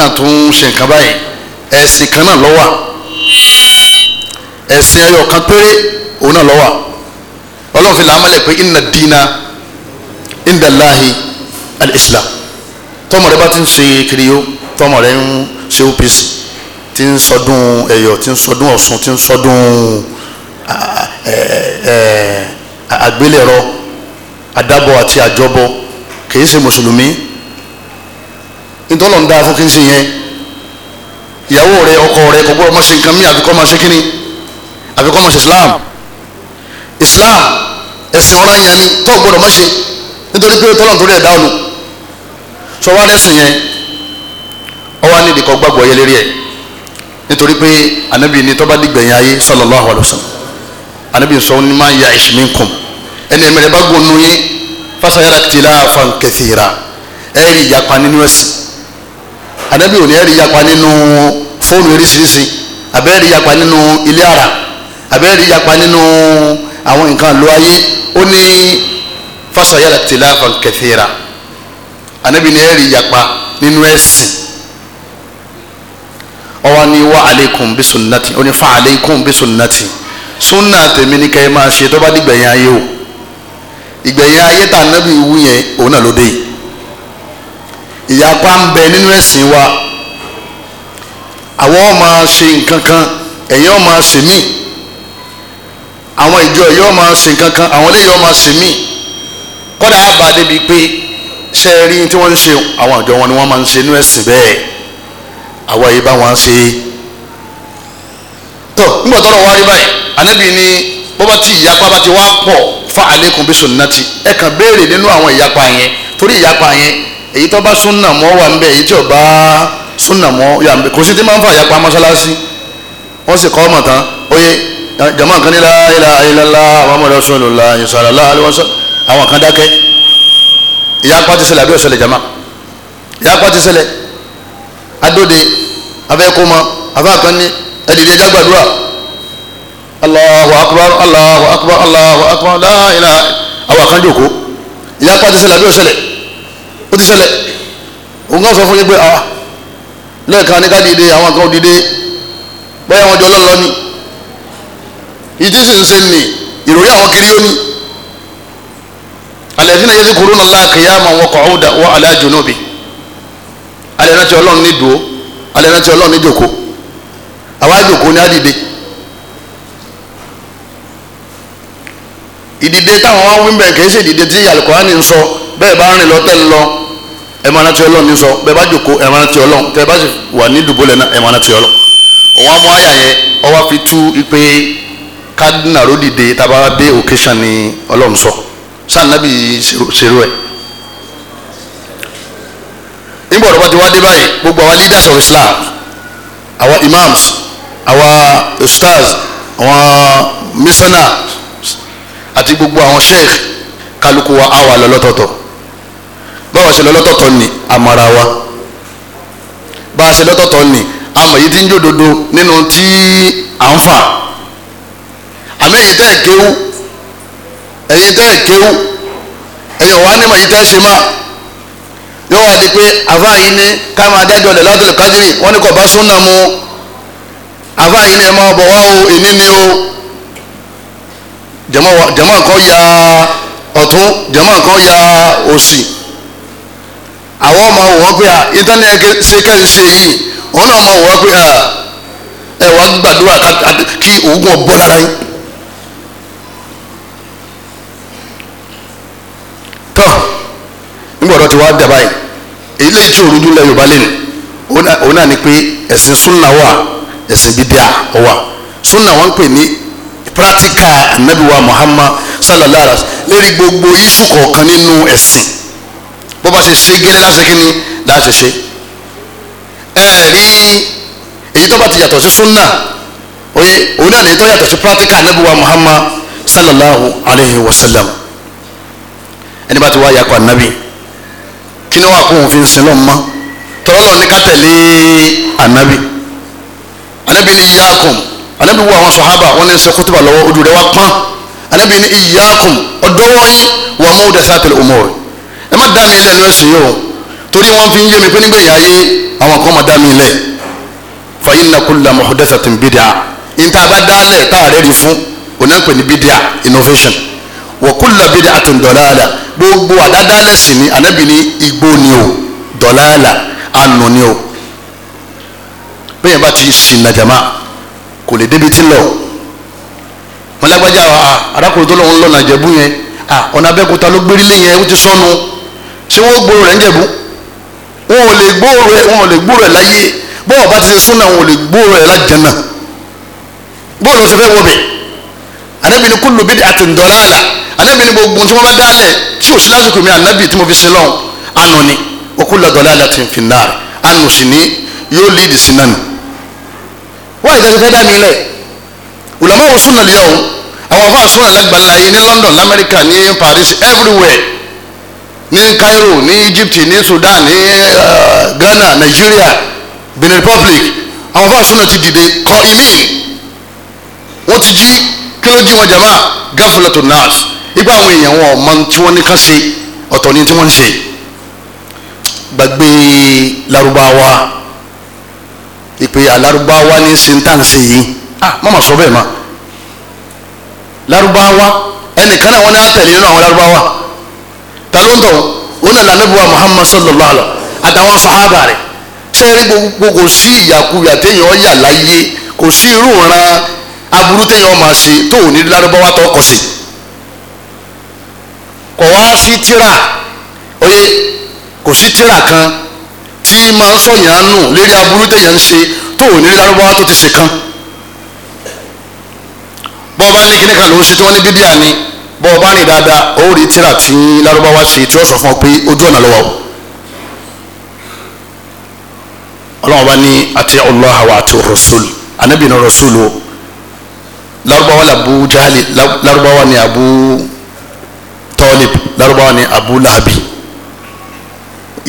náà tún ṣe nǹkan báyìí ẹ̀sìn kan náà ló wà ẹ̀sìn ẹyọ kan péré òun náà ló wà ọlọ́run fi làámọ́lẹ̀ pé inna dina inda Allahi al-Islam tọ́mọ rẹ bá ti ń ṣe kiri yó tọ́mọ rẹ ń ṣe OPC ti ń sọdún ẹ̀yọ̀ ti ń sọdún Ọ̀ṣun ti ń sọdún àgbélẹ̀rọ àdábọ̀ àti àjọbọ kì í ṣe mùsùlùmí nítorí ọ̀n dáa fún kí n ṣe yẹn ìyàwó rẹ ọkọ rẹ kò gbọ́dọ̀ ṣe nǹkan mí àbíkọ́ má ṣe kíni àbíkọ́ má ṣe Islam Islam ẹ̀sìn ọ̀rá yẹn ni tó gbọ́dọ̀ má ṣe nítorí pé tọ́lọ̀ tó rẹ̀ dá ọ̀nù sọ wá lẹ́sìn yẹn ọwọ́ nídìí kọ́ gbàgbọ́ yẹ lérí ẹ̀ nítorí pé anabi ni tọ́ba dìgbẹ̀yìn ayé sallallahu alaihi wasallam anabi sọ ní máa ya ìṣìmínkùn ẹni ẹ̀mẹ̀rẹ̀ bá gbónú yín fásayára tìlà fan kathira ẹ̀rí ìyapa nínú ẹ̀sìn anabi ò ní ẹ̀rí yapa nínú fóònù oríṣiríṣi abẹ́rẹ́ rí yapa nínú ilé ara abẹ́rẹ́ rí yapa nínú àwọn nǹkan ló ayé ó ní fasayala tilafan kathira anabi ní ẹ̀rí yapa nínú ẹ̀sìn ọwọ́ ni wa aleikum bisunnati ó ní fa aleikum bisunnati sunna tèmi ní kẹ́ ẹ máa ṣe tó bá dìgbẹ̀yìn ayé o ìgbẹ̀yìn ayé tà nábì wú yẹn òun náà ló dé yìí ìyapa ń bẹ nínú ẹ̀sìn wa àwọn ọmọ ṣe nǹkan kan ẹ̀yin ọmọ ṣe míì àwọn ìjọ yìí ọmọ ṣe nǹkan kan àwọn eléyìí ọmọ ṣe míì kọ́dà àbá débi pé ṣe rí tí wọ́n ń ṣe àwọn àjọ wọn ni wọ́n máa ń ṣe nínú ẹ̀sìn bẹ́ẹ̀ àwa yìí bá wọn ṣe tó nígbà tó wá rí báyìí ànábì ni bọ́bá tí ìyapa bá ti wá pọ̀ fa alaykum bi sunnati ẹ̀ kàn béèrè nínú àwọn ìyapa yẹn torí ìyapa yẹn èyí tó bá súnà mọ́ wà ń bẹ èyí tí ò bá súnà mọ́ yà ń bẹ kò sí tí máa ń fa àyàpá mọ́ṣáláṣí wọ́n sì kọ́ ọmọ tán oyè jama kan ní la ilaha illallah muhammadu rasulullah sallallahu alaihi wasallam àwọn kan dákẹ́ ìyapa ti ṣẹlẹ̀ àbí ó ṣẹlẹ̀ jama ìyapa ti ṣẹlẹ̀ adóde afẹ́kọ́mọ afẹ́kọ́ni ẹ̀dìdì ẹja gbàdúrà Allahu akbar Allahu akbar Allahu akbar la ilaha àwọn kan jòkó ìyapa ti ṣẹlẹ̀ àbí ó ṣẹlẹ̀ ó ti ṣẹlẹ̀ òun kan sọ fún yín pé ah lẹ́ẹ̀kan ní ká dìde àwọn kan dìde bẹ́ẹ̀ wọn jọ lọ́lọ́ ni ìdí sì ń ṣe nì ìròyìn àwọn kiri yóni alladhina yadhkuruna Allaha qiyaman wa qu'udan wa ala junubih alẹ́ náà ti ọlọ́run ní dùó alẹ́ náà ti ọlọ́run ní jòkó àwa jòkó ní àdìde ìdìde táwọn wá wí mbẹ̀ kì í ṣe ìdìde tí Al-Qur'ani ń sọ bẹ́ẹ̀ bá rìn lọ tẹ́ ń lọ ẹ̀ máa rántí ọlọ́run ní sọ bẹ́ẹ̀ bá jòkó ẹ̀ máa rántí ọlọ́run tẹ́ bá sì wà ní dùbúlẹ̀ náà ẹ̀ máa rántí ọlọ́run òun á mú àyà yẹn ọwọ́ fi tú ipe kádínà ló dìde tábà dé occasion ni ọlọ́run sọ sànàbì ṣerú ẹ̀ nígbà ọ̀dọ́ bá ti wá dé báyìí gbogbo àwọn leaders of Islam àwọn imams àwọn ustaz àwọn missionaries àti gbogbo àwọn sheikh kálukú wa á wà lọ báwa ṣe lọ́tọ̀ọ̀tọ̀ ni àmàrà wa bá a ṣe lọ́tọ̀ọ̀tọ̀ ni àmọ̀ yìí ti ń jòdodo nínú tí à ń fà àmì èyí tẹ́ ẹ̀ kéwú ẹ̀yin tẹ́ ẹ̀ kéwú ẹ̀yin ọ̀wá nímọ̀ yìí tẹ́ ẹ̀ ṣe má yóò wá di pé àfáà yìí ni ká máa dájọ́ lẹ̀ látọ̀lẹ̀ kádìrì wọ́n ní kò bá súnà mu àfáà yìí ni ẹ̀ máa bọ̀ wá o èní ni o jàmá kan ya ọ̀tún jàmá kan ya òsì. àwọn ọmọ wọ́ pé a ìtàn yẹn ṣe kẹ́hìn ṣe yìí wọn náà mọ̀ pé ẹ wà ń gbàdúrà kí oògùn ọ̀bọ lára yín. tọ́ nígbà ọ̀dọ́ ti wá dà èyí lè lẹ́nu òun náà ni pé ẹ̀sìn súnà wà ẹ̀sìn bídíà ọ̀wà súnà wọn pè ní anabiwa Muhammad sallallahu alaihi wa sallam lérí gbogbo iṣu kọ̀ọ̀kan nínú bó bá ṣe ṣe gẹ́lẹ́ láṣẹ kí ni láṣẹ ṣe ẹ rí èyí tó bá ti yàtọ̀ sí sunna oye òun náà lè tó yàtọ̀ sí pratica anabiwa muhammad sallallahu alayhi wa sallam ẹni bá ti wá yakọ anabi kí ni wàá kó òun fi ń sin lọ́mọ tọ́lọ́ ní ká tẹ̀lé anabi anabi ni iyaakum anabi wo àwọn sọ̀hábà wọn ní sọ kótóbà lọ́wọ́ ojú rẹ̀ wá pọ́n anabi ni iyaakum ọ̀dọ́wọ́ yín wà mú dẹ́sẹ̀ àtẹlẹ òmùrẹ́ ẹ má dá mi lẹ́nu ẹ̀sìn yìí o torí wọ́n fi ń yé mi pé nígbẹ̀yìn ayé àwọn kan má dá mi lẹ̀ fa inna kulla muhdathatin bid'a níta bá dá lẹ̀ tá a rẹ̀ rí fún onáńpẹ̀ ní bid'a innovation wa kulla bid'atin dalala gbogbo àdádálẹ̀ sì ni ànábì ní igbó ni o dalala ànú ni o bẹ́ẹ̀ bá ti ṣìnà jàmá kò lè débi tí ń lọ mọ́lágbájá arákùnrin tó lọ́wọ́ ń lọ́nà àjẹbú yẹn ọ̀nà abẹ́kúta ló gbérí lé yẹn ó ti sọnù ṣé wọ́n gbóòrò rẹ̀ ń jẹ̀bú wọn ò lè gbóòrò ẹ̀ wọn ò lè gbóòrò ẹ̀ láyé bọ́ọ̀ bá ti ṣe súnà wọn ò lè gbóòrò ẹ̀ lájànnà bọ́ọ̀lù ṣe fẹ́ wọ bẹ̀ anabi ni kullu bid'atin dalala anabi ni gbogbo tí wọ́n bá dálẹ̀ tí òsì lásìkò mi anabi tí mo fi ṣe lọ́hùn anu ni wa kullu dalalatin finnar anu sì ni yóò lead sí nánu wọ́n ìdájọ́ fẹ́ dá mi lẹ̀ ulama wo súnà lè yọ̀ àwọn afáà súnà lágbàlá yìí ní London lamẹ́ríkà ní Paris everywhere ní Cairo ní Egypt ní Sudan ní eh, Ghana Nigeria Benin Republic àwọn fáṣúná ti dìde kọ imin wọ́n ti jí kí ló jí wọn jama gafilatu nas ipa àwọn èèyàn wọn ọmọ tí wọ́n ní ká ṣe ọ̀tọ̀ ní tí wọ́n ń ṣe gbàgbé Lárúbáwá ìpè alárúbáwá ní sentansi yìí ah mama sọ bẹ́ẹ̀ ma Larubawa? ẹnìkan náà wọ́n ní àtẹlẹ nínú àwọn Lárúbáwá talóńtọ̀ òun náà lànà bíwá muhammad sallallahu alaihi àtàwọn sahaba rẹ̀ sẹ́ẹ̀rí gbogbo kò sí ìyàkuyà téèyàn ó yà láyé kò sí irú ìran aburú téèyàn ó máa ṣe tó ò ní lárúbáwá tó kọ̀ sí kò wá sí tíra oye kò sí tíra kan tí máa ń sọ̀yàn nù lérí aburú téèyàn ń ṣe tó ò ní lárúbáwá tó ti ṣe kan bọ́ọ̀ bá ní kíní kan ṣe tí wọ́n ní bíbí àní bọ́ ọ bá rìn dáadáa ó rí tíra tí lárúbáwá ṣe tí ó sọ fún ọ pé ojú ọ̀nà lọ́wọ́ ọlọ́run bá ní àti Allah wa àti rasul anabi na rasul o lárúbáwá ni abu jahali lárúbáwá ni abu tọ́lib lárúbáwá ni abu lahabi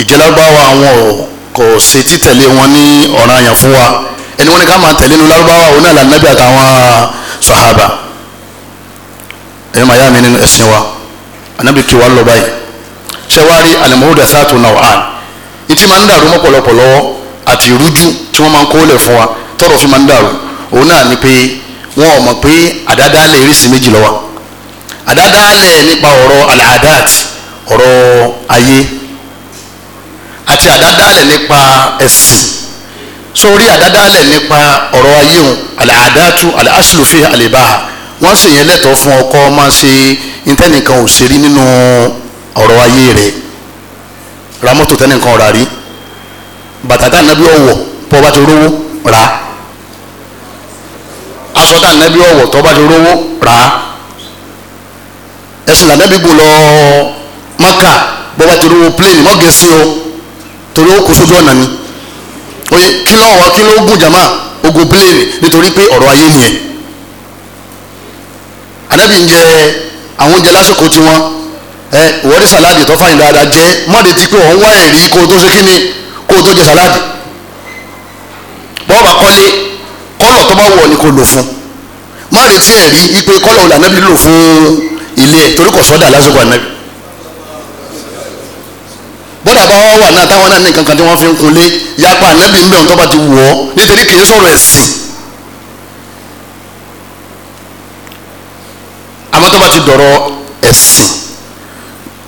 ìjẹ́ lárúbáwá àwọn kò ṣe títẹ̀lé wọn ní ọ̀ranyàn fún wa ẹni wọn ni ká máa tẹ̀lé nu lárúbáwá òun náà lànà àtàwọn sọ̀hábà yá mi nínú ẹ̀sìn wa anabi kí wa lọ báyìí ṣé wàá rí alimuda sáàtò náà wà ní ìtì máa ń dàrú mọ́pọ̀lọpọ̀ lọ́wọ́ àti ìrújú tí wọ́n máa ń kólẹ̀ fún wa tọ́rọ̀ fi máa ń dàrú òun náà ni pé wọn ò mọ̀ pé àdádálẹ̀ irísí méjì lọ́wọ́ àdádálẹ̀ nípa ọ̀rọ̀ aladat ọ̀rọ̀ ayé àti àdádálẹ̀ nípa ẹ̀sìn sórí àdádálẹ̀ nípa ọ̀rọ̀ ayé òun aladatu alaslufi alibaha wọ́n sì yẹn lẹ́tọ̀ọ́ fún ọkọ máa ṣe ntẹ́nìkan ò ṣe rí nínú ọ̀rọ̀ ayé rẹ̀ ra mọ́tò tẹ́nìkan ọ̀rà rí bàtà tá ànábì ọ̀wọ̀ pọ̀ bá ti rówó rà á aṣọ tá ànábì ọ̀wọ̀ tó bá ti rówó rà á ẹ̀sìn lànàbí gbò lọ maka bọ́ bá ti rówó pléènì mọ́gẹ́sì o torí ó kó sójú ọ̀nà ni oye kí ló wà kí ló gùn jàmá ogun pléènì nítorí pé ọ̀rọ̀ ayé nìyẹn. anabi ń jẹ àwọn oúnjẹ lásìkò tiwọn ẹ ìwọ sàláàdì tó fàyìn dáadáa jẹ mọ́ni ti pé òun wá ẹ̀rí kó o tó ṣe kí ni kó o tó jẹ sàláàdì bọ́ọ̀ bá kọ́lé kọ́lọ̀ tó bá wọ̀ ni kò lò fún má retí ẹ̀rí ipe kọ́lọ̀ òun ànábi lò fún ilé ẹ̀ torí kò sọ́dà lásìkò ànábi bọ́dà bá wà náà táwọn náà kan tí wọ́n fi ń yapa ti wọ̀ nítorí kì í tó bá ti dọ̀rọ̀ ẹ̀sìn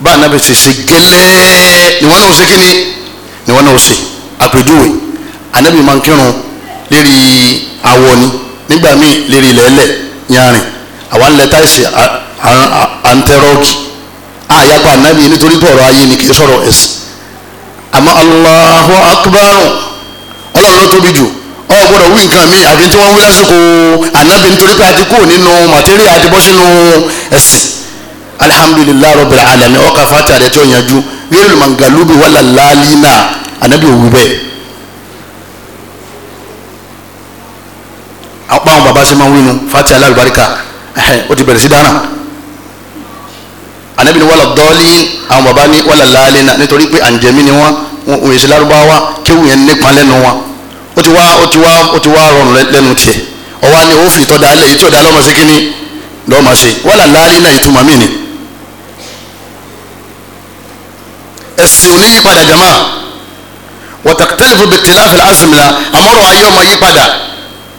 bá anabi ṣe ṣe gẹ́lẹ́ níwọ̀n náà ó ṣe kíni níwọ̀n náà ó ṣe àpèjúwe anabi máa ń kírun lérí awọ ni nígbà míì lérí ilẹ̀ẹ́lẹ̀ yanrìn àwa ń lẹ táìsì àǹtẹ̀rọ̀kì àyàpá anabi nítorí bọ̀rọ̀ ayé ni kì í sọ̀rọ̀ ẹ̀sìn àmọ́ Allahu akbar ọlọ́run ló tóbi jù ọ gbọ́dọ̀ wí nǹkan mi àti tí wọ́n wí lásìkò ànábì nítorí pé a ti kúrò nínú màtírí àti bọ́ sínú ẹ̀sìn alihamudulilayi rabbil alamin ọkà fati àti ẹ̀tí ọ̀yanjú rírì mangalubi wàlà lálínà ànábì òwú bẹ́ẹ̀. àpá àwọn baba ṣe máa ń wí nu fati alárùbáríkà ó ti bẹ̀rẹ̀ sí dáná ànábì ni wàlà dọ́ọ̀lì àwọn baba ní wàlà lálínà nítorí pé àǹjẹ̀mí ni wọ́n òun èsì lárúbáwá kéwù yẹn nípa lẹ́nu wọn ó ti wá ó ti wá ó ti wá rọrùn lẹ́nu tiẹ̀ ọwọ́ ni ó fi tọ́da alẹ́ yìí tí ò da lọ́mọ sí kínní lọ́mọ sí wàhálà láàrin náà ìtumọ̀ mí ni. ẹ̀sìn ò ní yípadà jama wọ́tàkítẹ́lifù bìtìláfì àsìmìlà àmọ́rọ̀ ayé ọmọ yípadà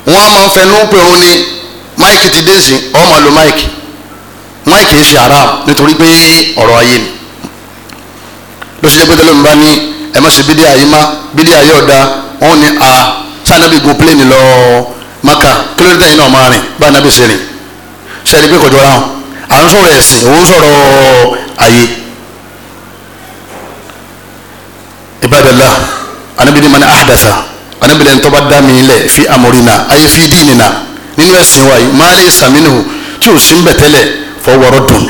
wọ́n á máa fẹnu pé òun ni máìkì ti dé sí ọmọ lo máìkì máìkì ń ṣe haram nítorí pé ọ̀rọ̀ ayé ni ló ṣe jẹ́ ẹ̀ má ṣe bídíà yìí má bídíà yìí ọ̀dà wọ́n ní a ah, sanabi gun pléènì lọ maka kílódé yìí náà máa rìn bá anabi ṣe rìn sẹ́ni pé kò jọra hàn à ń sọ̀rọ̀ ẹ̀sìn òun sọ̀rọ̀ ayé ibadala anabi ni mani ahadasa anabi lẹni tó bá dá mi lẹ fi amorina ayé fi dínina nínú ẹ̀sìn wa yìí máa ní sàmínú tí o sì ń bẹ̀ tẹ́lẹ̀ fọwọ́rọ́ dùn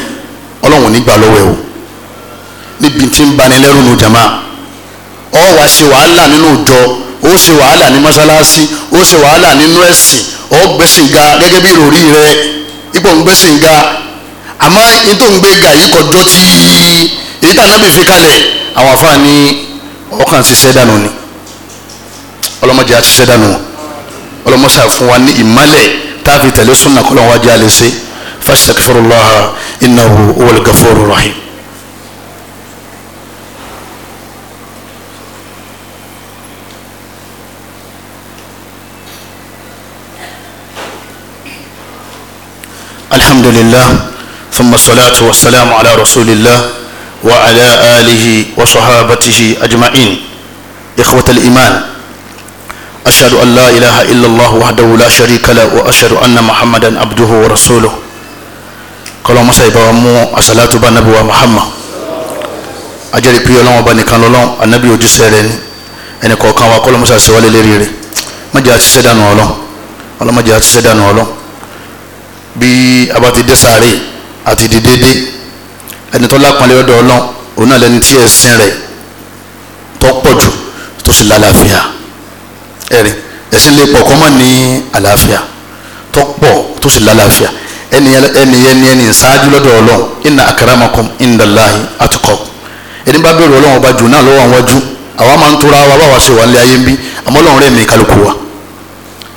ọlọ́run nígbà lọ́wọ́ ẹ̀ o níbi tí ń bani lẹ́rù nù jama ọ wá ṣe wàhálà nínú ìjọ ó ṣe wàhálà ní mọ́ṣáláṣí ó ṣe wàhálà nínú ẹ̀sìn ó gbẹ́sìn ga gẹ́gẹ́ bí ìròrí rẹ ipò ń gbẹ́sìn ga àmọ́ ètò ń gbé ga yìí kọjọ́ tí èyí tàn nábì fi kalẹ̀ àwọn afáà ní ọkàn ṣiṣẹ́ dànù ni ọlọ́mọdé á ṣiṣẹ́ dànù ọlọ́mọṣà fún wa ní ìmálẹ̀ tá a fi tẹ̀lé súnà kọ́lọ́wájú àlẹ́ ṣe fastaghfirullaha innahu huwal rahim. الحمد لله ثم الصلاة والسلام على رسول الله وعلى آله وصحابته أجمعين إخوة الإيمان أشهد أن لا إله إلا الله وحده لا شريك له وأشهد أن محمدا عبده ورسوله قال ما سيبا مو الصلاة بنبي محمد أجري بي الله وبني كان الله النبي وجسرين أن كوكان وقال ما سيسوى لليري ما جاءت سيدان الله ولا ما جاءت سيدان الله bí a bá ti dé sàárè àti di dédé ẹni tó lápọnlé ọ̀dọ̀ Ọlọ́run òun náà lẹni tí ẹ̀sìn rẹ̀ tó pọ̀ jù tó sì lálàáfíà ẹ̀rí ẹ̀sìn lè pọ̀ kọ́mọ̀ ní àlàáfíà tó pọ̀ tó sì lálàáfíà ẹni ẹni ẹni ẹni ṣáájú lọ́dọ̀ Ọlọ́run inna akramakum indallahi atqakum ẹni bá bẹ̀rù Ọlọ́run ọba jù náà lọ́wọ́ àwọn wájú àwa máa ń tora wa báwa ṣe wà ní ayé ń bí àmọ́ Ọlọ́run rẹ̀ mí kálukú wa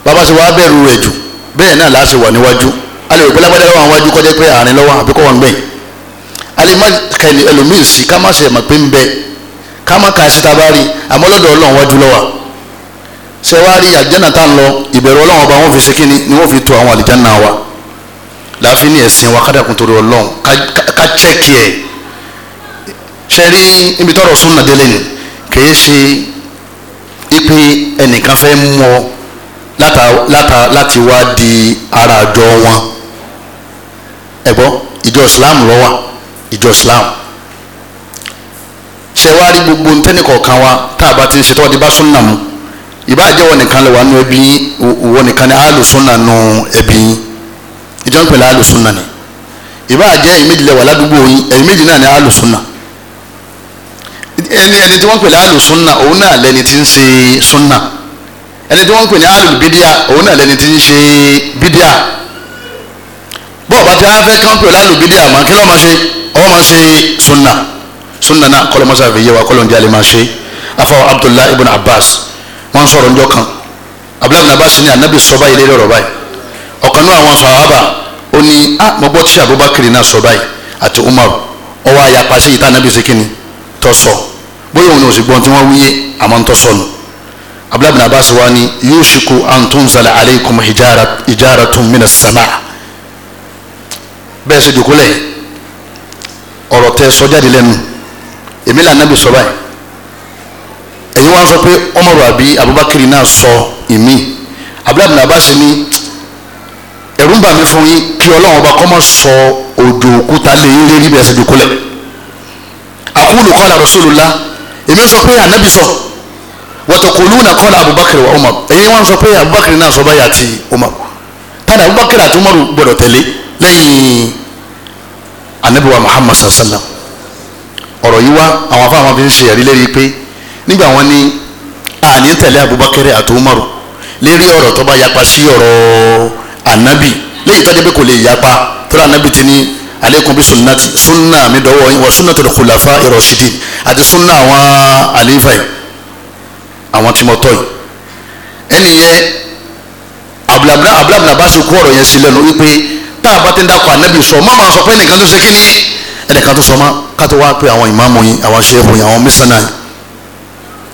bàbá ṣe wá bẹ̀rù rẹ̀ jù bẹ́ẹ̀ náà láṣẹ wà níwájú alẹ́ òpin lágbádá lọ́wọ́ àwọn iwájú kọ́jẹ́ pé àárín lọ́wọ́ àbí kọ́ wọn gbẹ̀yìn alẹ́ má kẹ́lẹ́ ẹlòmíì sí ká má ṣe mọ̀ pé ń bẹ ká má ka síta bá rí àmọ́ lọ́dọ̀ ọlọ́run wájú lọ́wọ́ ṣé wàá rí àlìjáná tá ń lọ ìbẹ̀rù ọlọ́run ọba wọn fi ṣe kíni ni wọ́n fi to àwọn àlìjáná wa láàfin ní ẹ̀sìn wa kádàkùn torí ọlọ́run ká chẹ́kì ẹ̀ ṣe rí ibi tọrọ súnà délé ni kìí ṣe ipe ẹnìkan fẹ́ mú láti wá di ara àjọ wọn ẹ̀gbọ́ ìjọ islam ló wà ìjọ islam ṣe wá rí gbogbo ntẹ́ni kọ̀ọ̀kan wa tá a bá ti ń ṣe tọ́wọ́ bá súnà mu ìbá jẹ́ wọn nìkan lè wà nù ẹbí wọn nìkan ní àlù súnà nù ẹbí ìjọ ń pèlè àlù súnà ni ìbá jẹ́ ẹ̀yin méjì lè wà ládùúgbò yín ẹ̀yin méjì náà ní àlù súnà ẹni ẹni tí wọ́n pèlè àlù súnà òun náà lẹni tí ń ṣe súnà ẹni tí wọ́n pèlè àlù bídíà òun náà lẹni tí ń ṣe bídíà ọjà fẹ́ kánpẹ̀ lálùbídì àmọ́ kí ló máa ṣe ọwọ́ máa ṣe sunna sunna náà kọ́lọ́ mọ́sá fi yé wa kọ́lọ́ ń jẹ́ àlè máa ṣe afọ abdullahi ibn abbas wọ́n ń sọ̀rọ̀ njọ́ kan abdullahi ibn abbas ní anabi sọ báyìí lélẹ̀ ọ̀rọ̀ báyìí ọ̀kan náà àwọn sàhábà ó ní ah mo gbọ́ tí abubakar náà sọ báyìí àti umar ọwọ́ àyàpá sí ìta anabi ṣe kíni tọ́ sọ bóyá òun ni òsìgbọ́n tí wọ́n wíyé àmọ́ ń tọ́ sọnù abdullahi ibn abbas wa ni yushiku an tunzala alaykum hijaratun minas samaa bẹ́ẹ̀ ṣe jòkó lẹ̀ ọ̀rọ̀ tẹ sọ jáde lẹ́nu èmi là nábì sọ báyìí èyí wá ń sọ pé Umaru àbí Abubakar náà sọ ìmí Abdullahi bin Abbas ni ẹ̀rù ń bà mí fún yín kí Ọlọ́run ọba kọ́ sọ òjò òkúta lé yín lérí bẹ́ẹ̀ ṣe jòkó lẹ̀ akulu qala Rasulullah èmi sọ pé ànábì sọ watakuluna qala Abubakar wa Umar èyí wá ń sọ pé Abubakar náà sọ báyìí àti Umar tani Abubakar àti Umaru gbọdọ̀ tẹ̀lé lẹ́yìn anabiwa muhammad sallam ọ̀rọ̀ yìí wá àwọn afáwọn fi ń ṣe ẹ̀rí lérí pé nígbà wọn ní àní tẹ̀lé abubakar àti umaru lérí ọ̀rọ̀ tó bá yapa sí ọ̀rọ̀ anabi léyìí tó jẹ́ pé kò lè yapa tó anabi ti ní aleikum bi sunnati sunna mi dọ́wọ́ wa sunnati khulafa irashidin àti sunna àwọn àlífà yìí àwọn tí mo tọ́ yìí ẹnìyẹn abdulhamid abdulhamid abasi kú ọ̀rọ̀ yẹn sí lẹ́nu wípé tá a bá ti ń dákọ̀ ànábì sọ má máa sọ pé ẹnìkan tó ṣe kí ni ẹnìkan tó sọ ma ká tó wá pé àwọn ìmáàmù yín àwọn ṣẹ́ẹ̀fù yín àwọn mísánná yín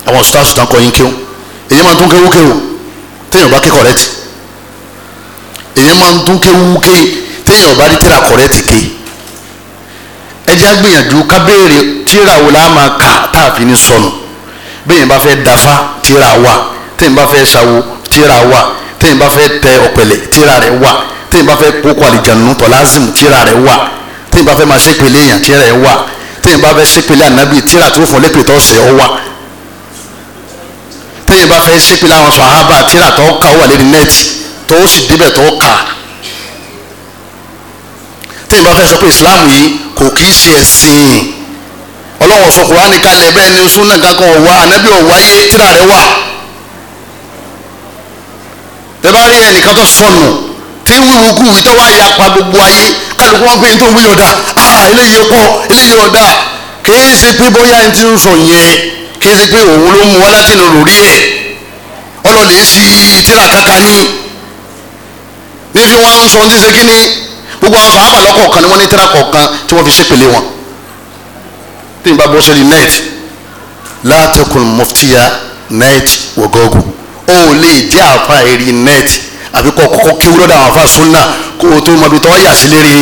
àwọn stars tán kọ́ yín kéwù èyí máa tún kéwù kéwù téèyàn bá ké kọ̀rẹ́tì èyí máa tún kéwù ké téèyàn bá rí tíra kọ̀rẹ́tì ké ẹ gbìyànjú ká tíra wo la máa kà tá a fi ní sọnù béèyàn bá fẹ́ dafa tíra wà téèyàn bá fẹ́ ṣawo tíra wà téèyàn bá fẹ́ tẹ ọ̀pẹ̀lẹ̀ tíra rẹ̀ wà téèyàn bá fẹ́ kókó àlìjànú tọ́lázìm tíra rẹ̀ wà téèyàn bá fẹ́ máa ṣépele èèyàn tíra rẹ̀ wà téèyàn bá fẹ́ ṣépele ànábì tíra tó fún lépè tó ṣe ọ wà téèyàn bá fẹ́ ṣépele àwọn sàhábà tíra tó kà ó wà lórí nẹ́ẹ̀tì tó sì débẹ̀ tó kà téèyàn bá fẹ́ sọ pé ìsìláàmù yìí kò kì í ṣe ẹ̀sìn ọlọ́wọ́ sọ kùránì kalẹ̀ bẹ́ẹ̀ ni súnà kankan ọ̀wá ànábì ọ̀wáyé tíra rẹ̀ wà tẹ́ bá rí ẹnìkan tó sọnù tí wíwu kú wí tọ́wọ́ àyà pa gbogbo ayé kálukú wọn pé n tó wí ọ̀dà ah eléyìí kọ́ eléyìí ọ̀dà kìí ṣe pé bóyá n ti ń sọ yẹn kìí ṣe pé òun ló mú wa láti lọ lórí ẹ̀ ọlọ́lẹ̀ sí tíra kankan ní nífi wọn ń sọ ní ṣe kí ni gbogbo àwọn sàábà lọ́kọ̀ọ̀kan ni wọ́n ní tíra kọ̀ọ̀kan tí wọ́n fi ṣépele wọn tí n bá bọ́ sẹ́ni net látẹkùn muftiya net wọ̀gọ́gù ó lè jẹ́ àfa èrì net àbí kọ́ kọ́kọ́ kéwú lọ́dọ̀ àwọn afa sunna kó o tó mọ ibi ya wáyà sí lérí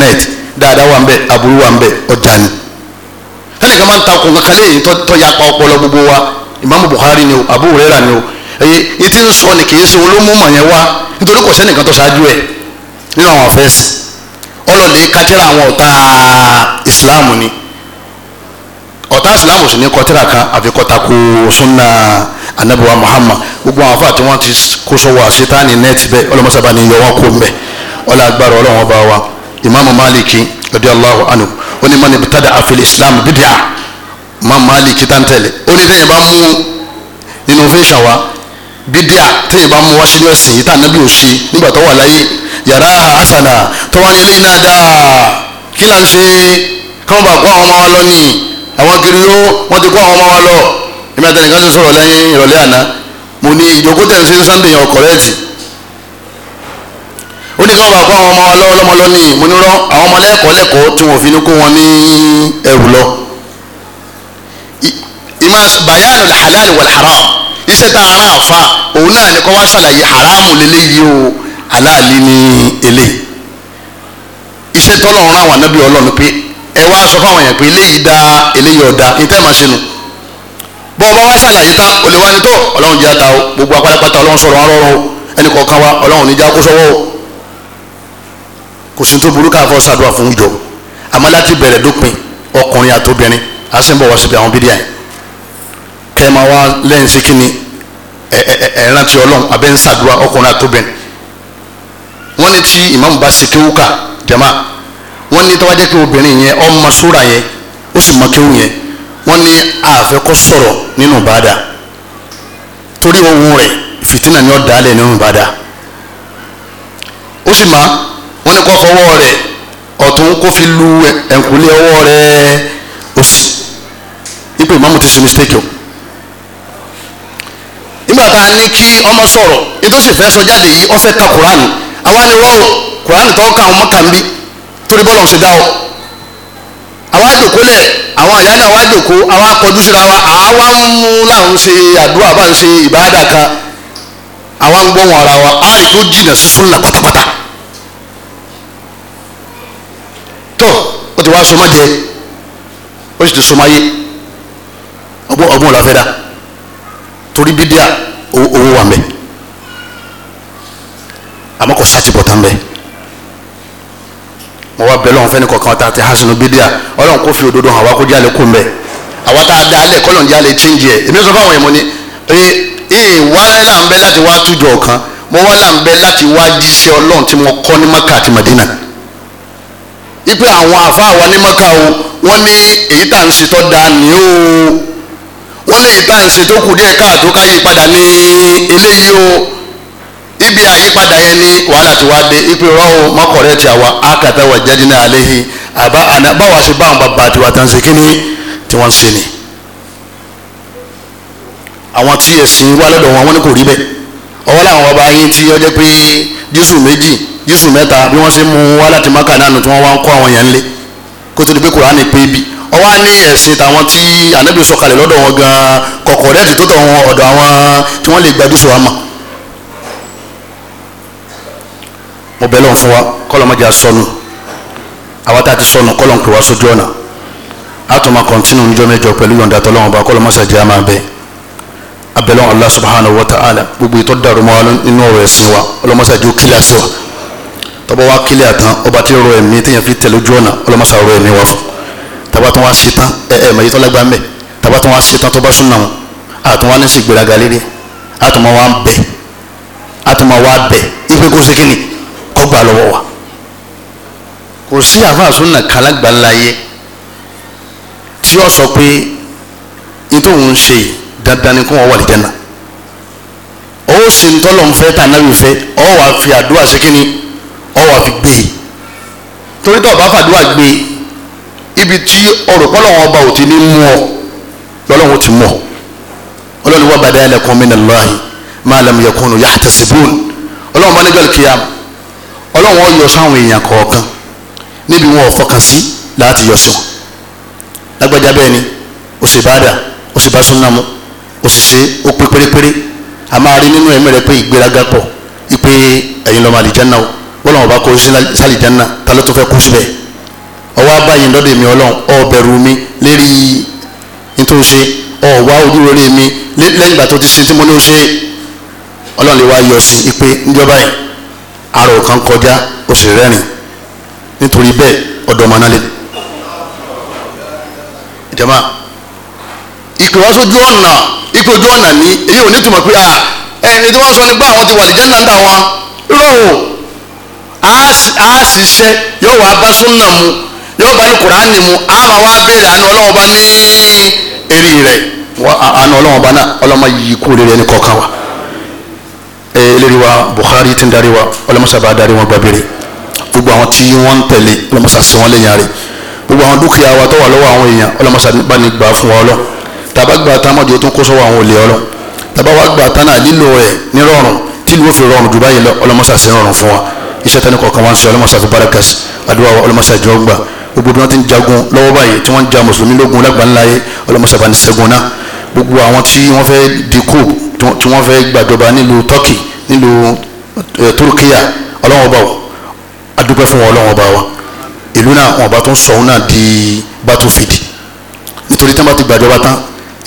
net dáadáa wà ń bẹ aburú wà ń bẹ ọjà ni ẹnìkan máa ń ya pa ọpọlọ gbogbo wa Imamu Buhari ni o Abu Hurairah ni o èyí etí ń sọ ni kì í yẹn nítorí kò ṣáájú ẹ̀ nínú àwọn afẹ́sì ni ọ̀tá Islam sì kan àfikọ́ta sunna anabiwa muhammad gbogbo àwọn afa tí wọ́n ti kó sọ́wọ́ àṣetáni nẹ́ẹ̀tì bẹ́ẹ̀ ọlọ́mọsábà ni yọ wọn kó ń bẹ̀ ọlá agbára ọlọ́run ọba wa imaamu maliki ọdí allahu anhu oní mani bitada afil islam bidia ma maliki tá n tẹ̀lé oní tẹ̀yìn bá mú innovation wa bidia tẹ̀yìn bá mú wá sínú ẹ̀sìn yìí tá anabi ò ṣe nígbà tó wà láyé yàrá asana tọ́wọ́ ní ilé náà dáa kí là ń ṣe káwọn bá kó àwọn ọmọ wa lọ nìyí àwọn kiri ló wọ́n ti kó àwọn ọmọ wa lọ èmi àti ẹnìkan ṣe sọ̀rọ̀ lẹ́yìn ìrọ̀lẹ́ àná mo ní ìjókòó tẹ̀ ń ṣe sunday yẹn ọ̀kọ̀rẹ́ẹ̀tì ó ní káwọn bá kó àwọn ọmọ wa lọ́wọ́ lọ́mọ lọ mo ní rọ́ àwọn ọmọ lẹ́kọ̀ọ́ lẹ́kọ̀ọ́ tí wọ́n fi ní kó wọn ní ẹrù lọ. ìmọ̀ bayanul halal wal haram iṣẹ́ tá a rán àfa òun náà ni kó wá ṣàlàyé haramu lélẹ́yìí o halali ni eléyìí iṣẹ́ tọ́lọ́run àwọn ànábì ọlọ́run pé ẹ wá sọ fáwọn yẹn pé eléyìí dáa eléyìí ọ̀dà ní tẹ́ ẹ máa ṣe nù bọ́ ọba wá ṣàlàyé tán olùwárí tó ọlọ́run jẹ́ ta o gbogbo apátápátá ọlọ́run sọ̀rọ̀ wọn rọrùn ẹnì kọ̀ọ̀kan wa ọlọ́run níjà kó sọ́wọ́ o kò sí tó burú káfọ́ sàdúrà fún ìjọ àmọ́ láti bẹ̀rẹ̀ dópin ọkùnrin àtobìnrin á sì ń bọ̀ wá síbi àwọn bídíà kẹ́ ẹ máa wá lẹ́yìn sí kíni ọlọ́run abẹ́ ń sàdúrà ọkùnrin wọ́n ní àfẹ́ kó sọ̀rọ̀ nínú ìbádà torí ohun rẹ̀ fìtínà ni ó dálẹ̀ nínú ìbádà ó sì ma wọ́n ní kó fọwọ́ rẹ̀ ọ̀tún kó fi lu ẹ̀ǹkúlé ọwọ́ rẹ̀ òsì ipò ìmáàmù ti ṣe mistake o nígbà tá a ní kí ọmọ sọ̀rọ̀ ètò fẹ́ sọ jáde yìí ó fẹ́ ka Kùránì àwa ni wọ́n o Kùránì tó kà ọmọ kà ń bí torí bọ́lá ọ̀sẹ̀ dá o. àwa àjòkólẹ̀ àwọn àyà náà wá jòkó àwa akọjú síra wa àwa ń mú láwọn ṣe àdúrà bá ń ṣe ìbáradà kan àwa ń gbọ́n wọn ara wa á ló jìnà súnlà pátápátá tó o ti wá sọmọjẹ o sì ti sọmọye ọgbọ́n ọgbọ́n la fẹ́ dá torí bídíà owó wà mẹ́ bẹ́ẹ̀ lọ́wọ́ fẹ́ni kọ̀ọ̀kan ta ti há sínú bídíà ọlọ́run kò fi òdodo hàn wá kó jálè kún bẹ́ẹ̀ àwa tá a dá alẹ́ kọ́lọ́n jálè chíńjì ẹ̀ èmi sọ fáwọn èèmọ̀ ni ee wá là ń bẹ láti wá tújọ ọ̀kan mo wá là ń bẹ láti wá jíṣẹ́ ọlọ́run tí mo kọ́ ní maka àti madina ipe àwọn àfa àwa ní maka o wọ́n ní èyí tá à ń ṣe da ni o wọ́n ní èyí tá à ń ṣe kù díẹ̀ káàtó káyé padà ní eléyìí o níbi àyípadà yẹn ní wàhálà tí wàá dé ipe rọ́ọ̀ mọ́kọ̀rẹ́ ti àwa akàtàwà jáde náà léhi àbá àná báwa ṣe bá àwọn bàbá tiwa tán ṣe kíni tí wọ́n ń ṣe ni. àwọn tí ẹ̀sìn wà lọ́dọ̀ wọn wọn ni kò rí bẹ́ẹ̀ ọwọ́ làwọn ọba yín tí ó jẹ́ pé jésù méjì jésù mẹ́ta bí wọ́n ṣe mú wá láti maka náà tí wọ́n wá ń kọ́ àwọn yẹn lé kó tó pé kùránì pé bí ọwọ́ á ní ẹ̀sìn tàwọn tí ànábì lọ́dọ̀ wọn gan kọ̀kọ̀rẹ́ẹ̀tì tó tọ̀ wọn ọ̀dọ̀ àwọn tí wọ́n lè gba jésù mọ̀ mo bẹ̀ lọ́n fún wa kọ́lọ́ mọ́jà sọnù àwa tá a ti sọnù kọ́lọ́ ń pè wá sójú ọ̀nà a tún máa kọ́ntínú níjọ́ mẹ́jọ pẹ̀lú yọ̀ǹda tọ́lọ́wọ́n ba kọ́lọ́ mọ́sá jẹ́ àmà bẹ́ẹ̀ abẹ́lẹ́ Allah subhanahu wa ta'ala gbogbo ìtọ́ dàrú mọ́ inú ọ̀rọ̀ ẹ̀sìn wa ọlọ́mọ́sá jẹ́ òkìlẹ̀ àti wa tọ́bọ̀ wá kílẹ̀ àtàn ọba tí rọ ẹ̀mí téèyàn fi tẹ̀lé ojú ọ̀nà ọlọ́mọ́sá rọ ẹ̀mí wa fún tàbá tún wá sí tán ẹ ẹ̀ mẹ́yìí tọ́lágbá ń bẹ̀ tàbá tún wá sí tán tọ́bá súnmọ́ wọn àtún wá ní sí gbéraga lérí àtún máa wá bẹ̀ àtún máa wá bẹ̀ ipe kó ṣe ni kọgbà lọ́wọ́ wa kò sí àfàsúnà kálágbàlá yẹ tí ó sọ pé nítòun ṣe dandan ni kó wọn wà lìjẹ náà ó sì ń tọ́lọ̀ ń fẹ́ tà náà fẹ́ ọ wàá fi àdúrà ṣe kí ni ọ wàá fi gbé e. torí tó bá fàdúrà gbé e, ibi tí ọrọ̀ pọ́lọ́wọ́n ọba ò ti ní mú ọ lọ́lọ́wọ́n ti mú ọ ọlọ́run wà bàdá ẹlẹ́kùn min Allahi ma lam yakunu yahtasibun ọlọ́run bá níjọ́ kìí ọlọ́run ó yọ sáwọn èèyàn kọ̀ọ̀kan níbi wọn ò fọkàn sí láti yọ sí wọn lágbájá bẹ́ẹ̀ ni ó sì bá dà ó sì bá súnmọ́ mu ó sì ṣe ó pé pérépéré a máa rí nínú ẹ̀mí rẹ pé ìgbéraga pọ̀ ipe ẹ̀yin lọ́mọ àlìjánná o wọ́n làwọn bá kó sálìjánná ta ló tó fẹ́ kó síbẹ̀ ọwọ́ abáyé lọ́dọ̀ èmi ọlọ́run ó bẹ̀rù mi lérí nítorí ṣe ó wá ojúrere mi lẹ́yìn ìgbà tó ti ṣe tí mo ní ó ṣe ọlọ́run lè wá yọ sí i pé níjọba yìí arò kan kọjá ó rẹ́rìn nítorí bẹ́ẹ̀ ọ̀dọ̀ ọmọ náà lé ìpè wá sójú ọ̀nà ìpè ojú ọ̀nà ní èyí ò ní túmọ̀ pé ah, ẹni tí wọ́n sọ nípa àwọn ti wà a náà dà wọn yóò wá bá súnà mu yóò bá ní mu a máa wá bẹ̀rẹ̀ àánú ọlọ́wọ́ba ní eré rẹ̀ àánú ọlọ́wọ́ba náà yìí kọ̀ọ̀kan wa. lérí wa Bukhari ti ń darí wa ọlọ́mọṣà bá darí wọn gbàgbére gbogbo àwọn tí wọ́n ń tẹ̀lé ọlọ́mọṣà sí wọn lẹ́yìn àárẹ̀ gbogbo àwọn dúkìá wa tó wà lọ́wọ́ àwọn èèyàn ọlọ́mọṣà bá ní gbà fún wa ọlọ́ tàbá gba tamọ́jọ tó kó sọ́wọ́ àwọn olè ọlọ́ tàbá wa gba tánà lílo rẹ̀ nírọ̀rùn tí ló fi rọrùn dubai lọ ọlọ́mọṣà sí rọrùn fún wa iṣẹ́ tani kọ̀ọ̀kan wa ń sọ ọlọ́mọṣà fi bára kẹsì àdúrà wa ọlọ́mọṣà jọ gbà gbogbo bí wọ́n ti ń jagun lọ́wọ́ báyìí tí wọ́n ń ja mùsùlùmí lógun lágbàá ńlá yé ọlọ́mọṣà bá ní ṣẹ́gun náà gbogbo àwọn tí wọ́n fẹ́ dikó tí wọ́n fẹ́ gbàjọba nílùú turkey nílùú eh, turkiya ọlọ́wọ́n bá wọ adúpẹ́ fún wọn ọlọ́wọ́n bá wa ìlú náà wọn bá tún sọ̀hún náà di battlefield nítorí tán bá ti gbàjọba tán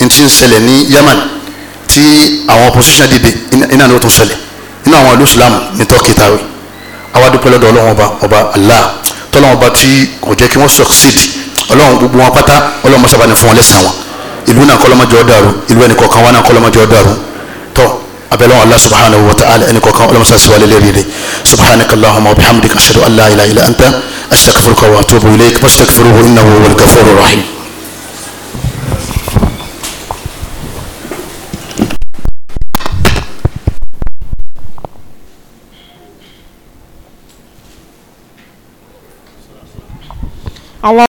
n ti ń ṣẹlẹ̀ ní yemen tí àwọn opposition dìde iná ni ó tún ṣẹlẹ̀ nínú àwọn ìlú islam ní turkey tàwé àwa lọ́dọ̀ ọlọ́wọ́n ọba ọba allah tọ́lọ́wọ́n ọba tí kò jẹ́ kí wọ́n succeed ọlọ́wọ́n gbogbo wọn pátá ọlọ́wọ́n mọ́sábà fún wọn lẹ́sàn-án wọn ìlú náà kọ́lọ́mọ́jọ́ dàrú ìlú ẹnì kọ̀ọ̀kan wa náà kọ́lọ́mọ́jọ́ dàrú tọ́ abẹ́lẹ́wọ̀n Allah subhanahu wa ta'ala ẹnì kọ̀ọ̀kan ọlọ́mọṣà síwájú lérí rẹ̀ subhanaka allahumma wa bihamdika ashhadu an la ilaha illa anta astaghfiruka wa atubu ilayk fastaghfiruhu innahu huwal rahim.